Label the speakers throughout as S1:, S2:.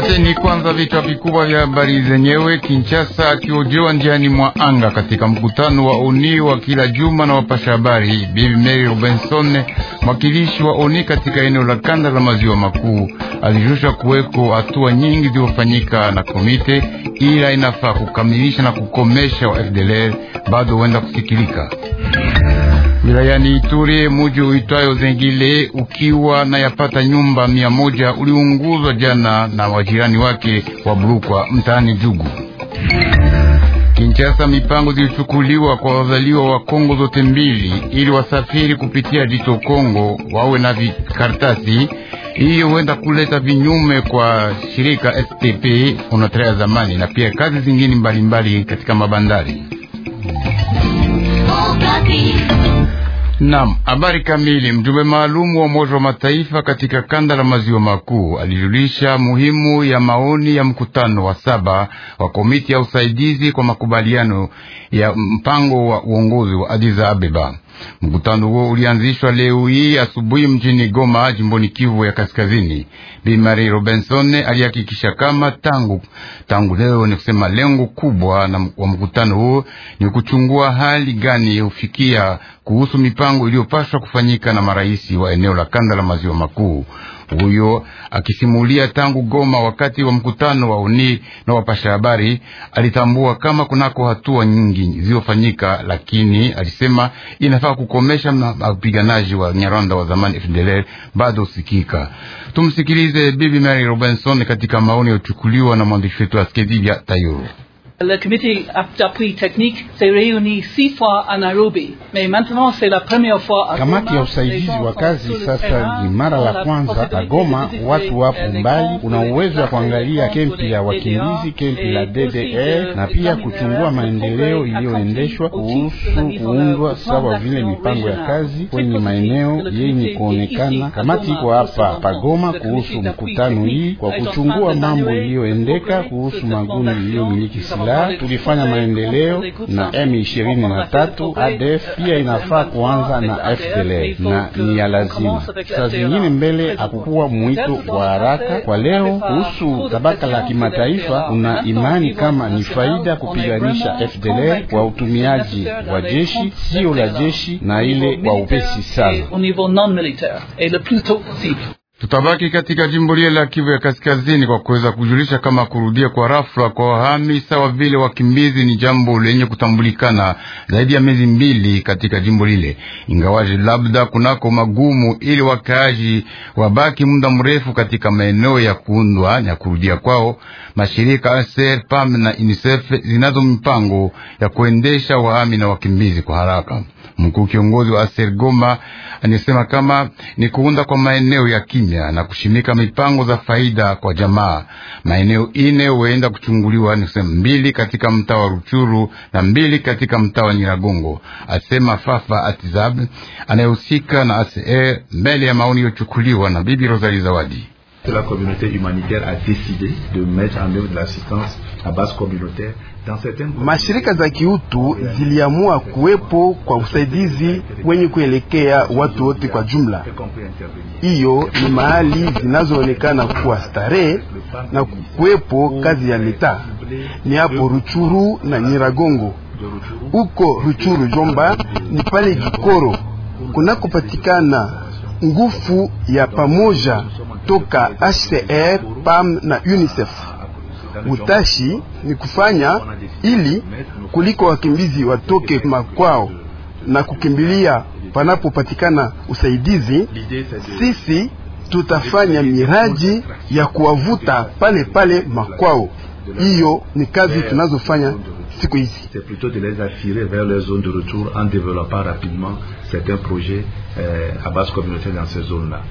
S1: Pateni kwanza vichwa vikubwa vya habari zenyewe. Kinshasa akiojewa njiani mwa anga katika mkutano wa oni wa kila juma na wapasha habari, Bibi Mary Robinson, mwakilishi wa oni katika eneo la kanda la maziwa makuu, alijusha kuweko hatua nyingi zilizofanyika na komite, ila inafaa kukamilisha na kukomesha wa FDLR bado huenda kusikilika Wilayani Ituri, muji uitwayo Zengile ukiwa na yapata nyumba mia moja uliunguzwa jana na wajirani wake wa brukwa mtaani Jugu. Kinshasa, mipango zilichukuliwa kwa wazaliwa wa Kongo zote mbili ili wasafiri kupitia jito Kongo wawe na vikaratasi. Hiyo huenda kuleta vinyume kwa shirika STP Onatra ya zamani na pia kazi zingine mbalimbali mbali katika mabandari. Oh, Naam, habari kamili. Mjumbe maalumu wa Umoja wa Mataifa katika kanda la maziwa makuu alijulisha muhimu ya maoni ya mkutano wa saba wa komiti ya usaidizi kwa makubaliano ya mpango wa uongozi wa Addis Ababa. Mkutano huo ulianzishwa leo hii asubuhi mjini Goma, jimboni Kivu ya Kaskazini. Bi Marie Robinson alihakikisha kama tangu tangu leo ni kusema lengo kubwa na wa mkutano huo ni kuchungua hali gani hufikia kuhusu mipango iliyopaswa kufanyika na maraisi wa eneo la kanda la maziwa makuu. Huyo akisimulia tangu Goma wakati wa mkutano wa uni na wapasha habari, alitambua kama kunako hatua nyingi zilizofanyika, lakini alisema inafaa kukomesha mapiganaji wa Nyarwanda wa zamani FDLR bado usikika. Tumsikilize Bibi Mary Robinson katika maoni yaliyochukuliwa na mwandishi wetu Askedi ya
S2: Le comité d'appui technique s'est réuni six fois à Nairobi, mais maintenant c'est la première fois.
S1: Kamati ya usaidizi wa kazi sasa ni mara la kwanza goma Watu wapo mbali, una uwezo wa kuangalia kempi ya wakimbizi, kempi la DDR e, na pia kuchungua maendeleo iliyoendeshwa kuhusu kuundwa sawa vile mipango ya kazi kwenye maeneo yenye kuonekana. Kamati iko hapa Pagoma kuhusu mkutano hii kwa kuchungua mambo iliyoendeka kuhusu magundi iliyomiliki silaha Angola tulifanya maendeleo na M23 ADF, pia inafaa kuanza na FDLR na ni ya lazima. Saa zingine mbele hakukuwa mwito wa haraka kwa leo. Kuhusu tabaka la kimataifa, una imani kama ni faida kupiganisha FDLR kwa utumiaji wa jeshi, sio la jeshi na ile kwa upesi sana. Tutabaki katika jimbo lile la Kivu ya
S2: Kaskazini
S1: kwa kuweza kujulisha kama kurudia kwa rafla kwa wahami sawa vile wakimbizi ni jambo lenye kutambulikana zaidi ya miezi mbili katika jimbo lile, ingawaje labda kunako magumu ili wakaaji wabaki muda mrefu katika maeneo ya kuundwa na kurudia kwao. Mashirika ASER, PAM na UNICEF zinazo mipango ya kuendesha wahami na wakimbizi kwa haraka. Mkuu kiongozi wa ASER Goma anisema kama ni kuunda kwa maeneo ya kimya na kushimika mipango za faida kwa jamaa. Maeneo ine huenda kuchunguliwa, ni kusema mbili katika mtaa wa Ruchuru na mbili katika mtaa wa Nyiragongo, asema Fafa Atizab anayehusika na ACR mbele ya maoni yochukuliwa na Bibi Rosali Zawadi.
S3: La communauté
S1: humanitaire a décidé de mettre en œuvre de l'assistance à base communautaire
S3: dans certaines... Mashirika za kiutu ziliamua kuwepo kwa usaidizi wenye kuelekea watu wote kwa jumla. Hiyo ni mahali zinazoonekana kuwa starehe na kuwepo kazi ya leta ni hapo Ruchuru na Nyiragongo. Uko Ruchuru Jomba ni pale Kikoro kunakopatikana nguvu ya pamoja toka HCR, PAM na UNICEF. Utashi ni kufanya ili kuliko wakimbizi watoke makwao na kukimbilia panapopatikana usaidizi, sisi tutafanya miradi ya kuwavuta pale pale makwao. C'est plutôt de les affirer vers les zones de retour en développant rapidement certains projets euh,
S1: à base communautaire dans ces zones-là.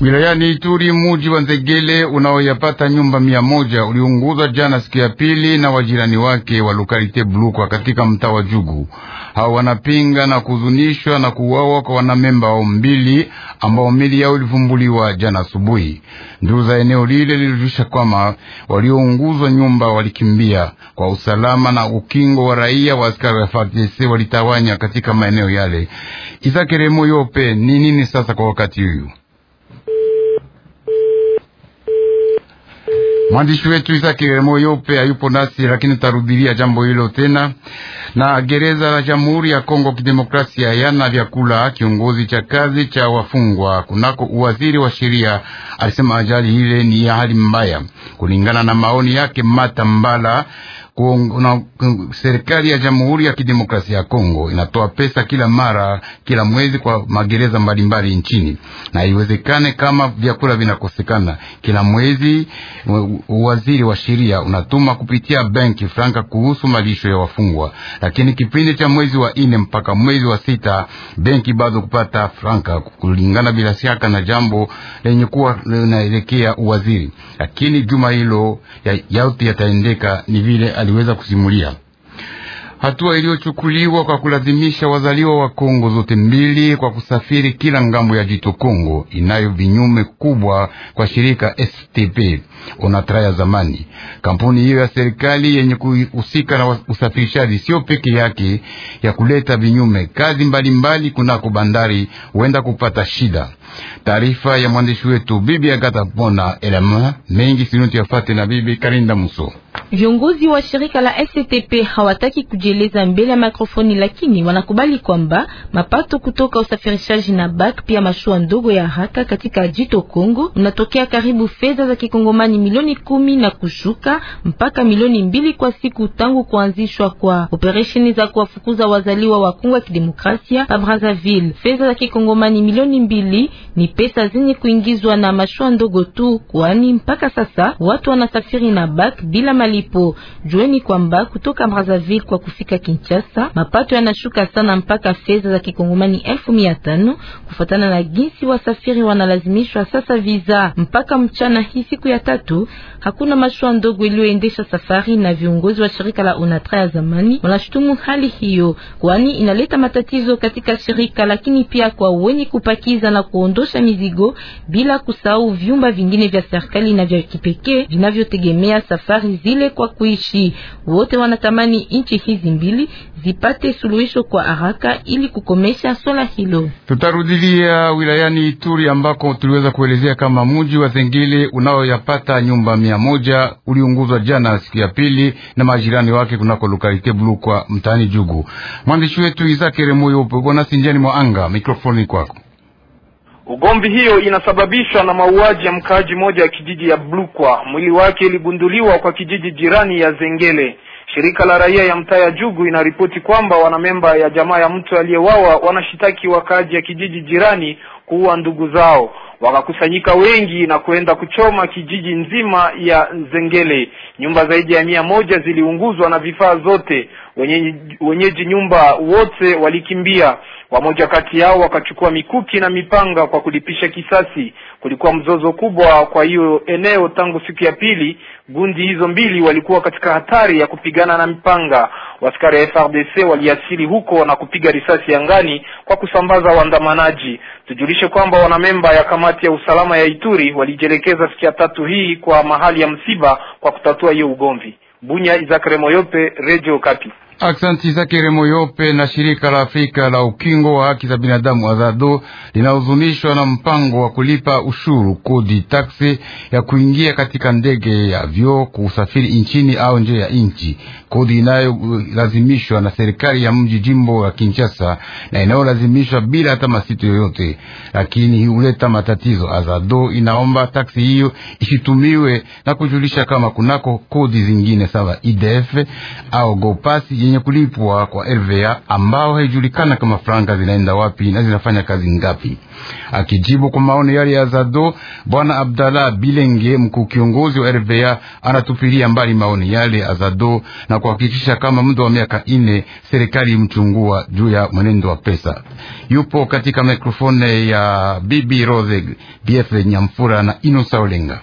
S1: Wilayani Ituri muji wa Nzegele unaoyapata nyumba mia moja uliunguzwa jana siku ya pili na wajirani wake wa lokalite Blukwa katika mtaa wa Jugu. Hao wanapinga na kuzunishwa na kuuawa kwa wanamemba wao mbili ambao mili yao ilivumbuliwa jana asubuhi. Ndugu za eneo lile lilijulisha kwamba waliounguzwa nyumba walikimbia kwa usalama na ukingo wa raia wa askari wa FARDC walitawanya katika maeneo yale. Isakeremo yope ni nini sasa kwa wakati huyu? Mwandishi wetu Isaki Remo Yope hayupo nasi, lakini tarudilia jambo hilo tena. Na gereza la Jamhuri ya Kongo Kidemokrasia yana vyakula. Kiongozi cha kazi cha wafungwa kunako uwaziri wa sheria alisema ajali ile ni ya hali mbaya, kulingana na maoni yake Mata Mbala kuna serikali ya Jamhuri ya Kidemokrasia ya Kongo inatoa pesa kila mara kila mwezi kwa magereza mbalimbali mbali nchini, na iwezekane kama vyakula vinakosekana kila mwezi. Waziri wa sheria unatuma kupitia benki franka kuhusu malisho ya wafungwa, lakini kipindi cha mwezi wa ine mpaka mwezi wa sita benki bado kupata franka kulingana bila shaka na jambo lenye kuwa linaelekea uwaziri, lakini juma hilo yote yataendeka ni vile aliweza kusimulia hatua iliyochukuliwa kwa kulazimisha wazaliwa wa Kongo zote mbili kwa kusafiri kila ngambo ya jito Kongo inayo vinyume kubwa kwa shirika STP Onatra ya zamani. Kampuni hiyo ya serikali yenye kuhusika na usafirishaji sio peke yake ya kuleta vinyume kazi mbalimbali kunako bandari huenda kupata shida. Taarifa ya mwandishi wetu Bibi Agata Pona Elema mengi sinuti yafate na Bibi Karinda Muso
S2: Viongozi wa shirika la STP hawataki kujieleza mbele ya mikrofoni, lakini wanakubali kwamba mapato kutoka usafirishaji na bak pia mashua ndogo ya haraka katika jito Kongo unatokea karibu fedha za kikongomani milioni kumi na kushuka mpaka milioni mbili kwa siku tangu kuanzishwa kwa operesheni za kuwafukuza wazaliwa wa Kongo ya Kidemokrasia pa Brazzaville. Fedha za kikongomani milioni mbili ni pesa zenye kuingizwa na mashua ndogo tu, kwani mpaka sasa watu wanasafiri na bak bila malipo. Jueni kwamba kutoka Brazzaville kwa kufika Kinshasa mapato yanashuka sana mpaka fedha za kikongomani elfu mia tano kufuatana na jinsi wasafiri wanalazimishwa sasa visa. Mpaka mchana hii siku ya tatu hakuna mashua ndogo iliyoendesha safari, na viongozi wa shirika la UNATRA ya zamani wanashutumu hali hiyo, kwani inaleta matatizo katika shirika, lakini pia kwa wenye kupakiza na kuondosha mizigo, bila kusahau vyumba vingine vya serikali na vya kipekee vinavyotegemea safari zi vile kwa kuishi. Wote wanatamani nchi hizi mbili zipate suluhisho kwa haraka ili kukomesha swala hilo.
S1: Tutarudilia wilayani Ituri ambako tuliweza kuelezea kama mji wa Zengile unaoyapata nyumba mia moja uliunguzwa jana siku ya pili na majirani wake kunako lokalite Blukwa mtaani Jugu. Mwandishi wetu Izakere Remoyo upo bwana Sinjani mwa anga, mikrofoni kwako.
S3: Ugomvi hiyo inasababishwa na mauaji ya mkaaji mmoja wa kijiji ya Blukwa. Mwili wake iligunduliwa kwa kijiji jirani ya Zengele. Shirika la raia ya mtaa ya Jugu inaripoti kwamba wanamemba ya jamaa ya mtu aliyewawa wanashitaki wakaaji ya kijiji jirani kuua ndugu zao. Wakakusanyika wengi na kuenda kuchoma kijiji nzima ya Zengele. Nyumba zaidi ya mia moja ziliunguzwa na vifaa zote. Wenyeji, wenyeji nyumba wote walikimbia. Wamoja kati yao wakachukua mikuki na mipanga kwa kulipisha kisasi. Kulikuwa mzozo kubwa kwa hiyo eneo tangu siku ya pili. Gundi hizo mbili walikuwa katika hatari ya kupigana na mipanga. Waskari wa FRDC waliasili huko na kupiga risasi angani kwa kusambaza waandamanaji. Tujulishe kwamba wanamemba ya kamati ya usalama ya Ituri walijielekeza siku ya tatu hii kwa mahali ya msiba kwa kutatua hiyo ugomvi. Bunya, Izakremo Moyope, Radio Kapi.
S1: Aksanti zake Remo Yope na shirika la Afrika la ukingo wa haki za binadamu Azado linahuzunishwa na mpango wa kulipa ushuru kodi taksi ya kuingia katika ndege ya vyo kusafiri nchini au nje ya nchi, kodi inayolazimishwa na serikali ya mji jimbo ya Kinshasa na inayolazimishwa bila hata masito yoyote, lakini huleta matatizo. Azado inaomba taksi hiyo isitumiwe na kujulisha kama kunako kodi zingine sawa IDF au Gopasi yenye kulipwa kwa RVA ambao haijulikana kama franga zinaenda wapi na zinafanya kazi ngapi. Akijibu kwa maoni yale ya Zado, bwana Abdallah Bilenge, mkuu kiongozi wa RVA, anatupilia mbali maoni yale ya Zado na kuhakikisha kama muda wa miaka ine serikali imchungua juu ya mwenendo wa pesa. Yupo katika mikrofone ya bibi Rose BF Nyamfura na Inosa Olenga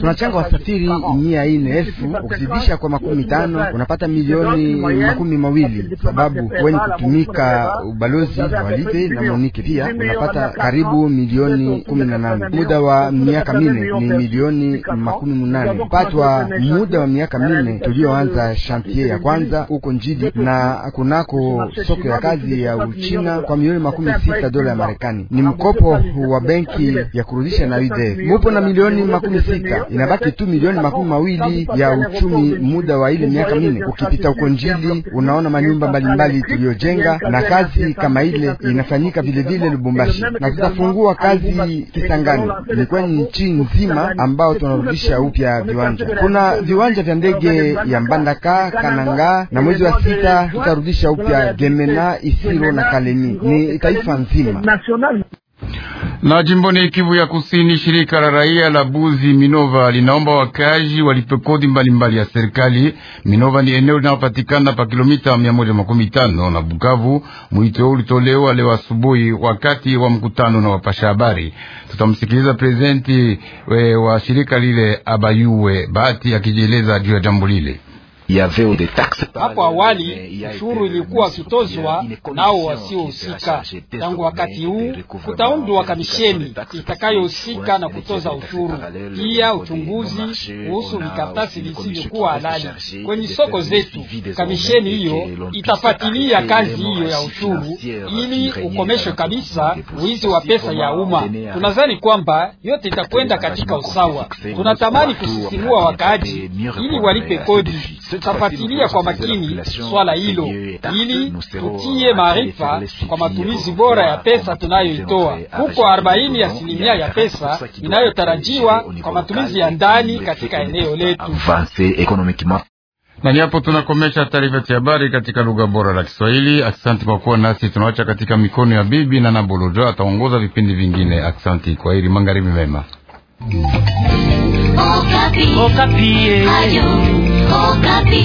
S3: tunachanga wasafiri mia ine elfu ukizidisha kwa makumi tano unapata milioni makumi mawili sababu wenye kutumika ubalozi walite na monike pia unapata karibu milioni kumi na nane muda wa miaka mine ni milioni makumi munane patwa muda wa miaka mine tulioanza shantie ya kwanza huko njidi na kunako soko ya kazi ya uchina kwa milioni makumi sita dola ya marekani ni mkopo wa benki ya kurudisha na ude mupo na milioni milioni makumi sita inabaki tu milioni makumi mawili ya uchumi muda wa ile miaka minne. Ukipita uko Njili unaona manyumba mbalimbali tuliyojenga, na kazi kama ile inafanyika vilevile Lubumbashi, na tutafungua kazi Kisangani. Ni kwenye nchi nzima ambao tunarudisha upya viwanja. Kuna viwanja vya ndege ya Mbandaka, Kananga, na mwezi wa sita tutarudisha upya Gemena, Isiro na Kalemi. Ni taifa nzima.
S1: Na jimboni Kivu ya Kusini, shirika la raia la Buzi Minova linaomba wakazi walipe kodi mbalimbali ya serikali. Minova ni eneo linalopatikana pa kilomita 115 na Bukavu. Mwito ulitolewa leo asubuhi wakati wa mkutano na wapasha habari. Tutamsikiliza prezidenti eh, wa shirika lile Abayuwe Bahati akijieleza juu ya jambo lile.
S3: Hapo awali ushuru ilikuwa kitozwa nao wasiohusika. Tangu wakati huu kutaundwa kamisheni itakayohusika na kutoza ushuru, pia uchunguzi kuhusu vikatasi visivyokuwa halali kwenye soko zetu. Kamisheni hiyo itafuatilia kazi hiyo ya ushuru ili ukomeshwe kabisa wizi wa pesa ya umma. Tunadhani kwamba yote itakwenda katika usawa. Tunatamani kusisimua wakaaji ili walipe kodi tutafuatilia kwa makini swala hilo ili tutie maarifa kwa matumizi bora ya pesa tunayoitoa huko. Arobaini asilimia ya pesa inayotarajiwa kwa matumizi ya ndani katika eneo letu
S1: na ni hapo tunakomesha taarifa ya habari katika lugha bora la Kiswahili. Aksanti kwa kuwa nasi, tunawacha katika mikono ya bibi na Nabolojo ataongoza vipindi vingine. Aksanti kwa hili, magharibi mema.
S3: Okapi.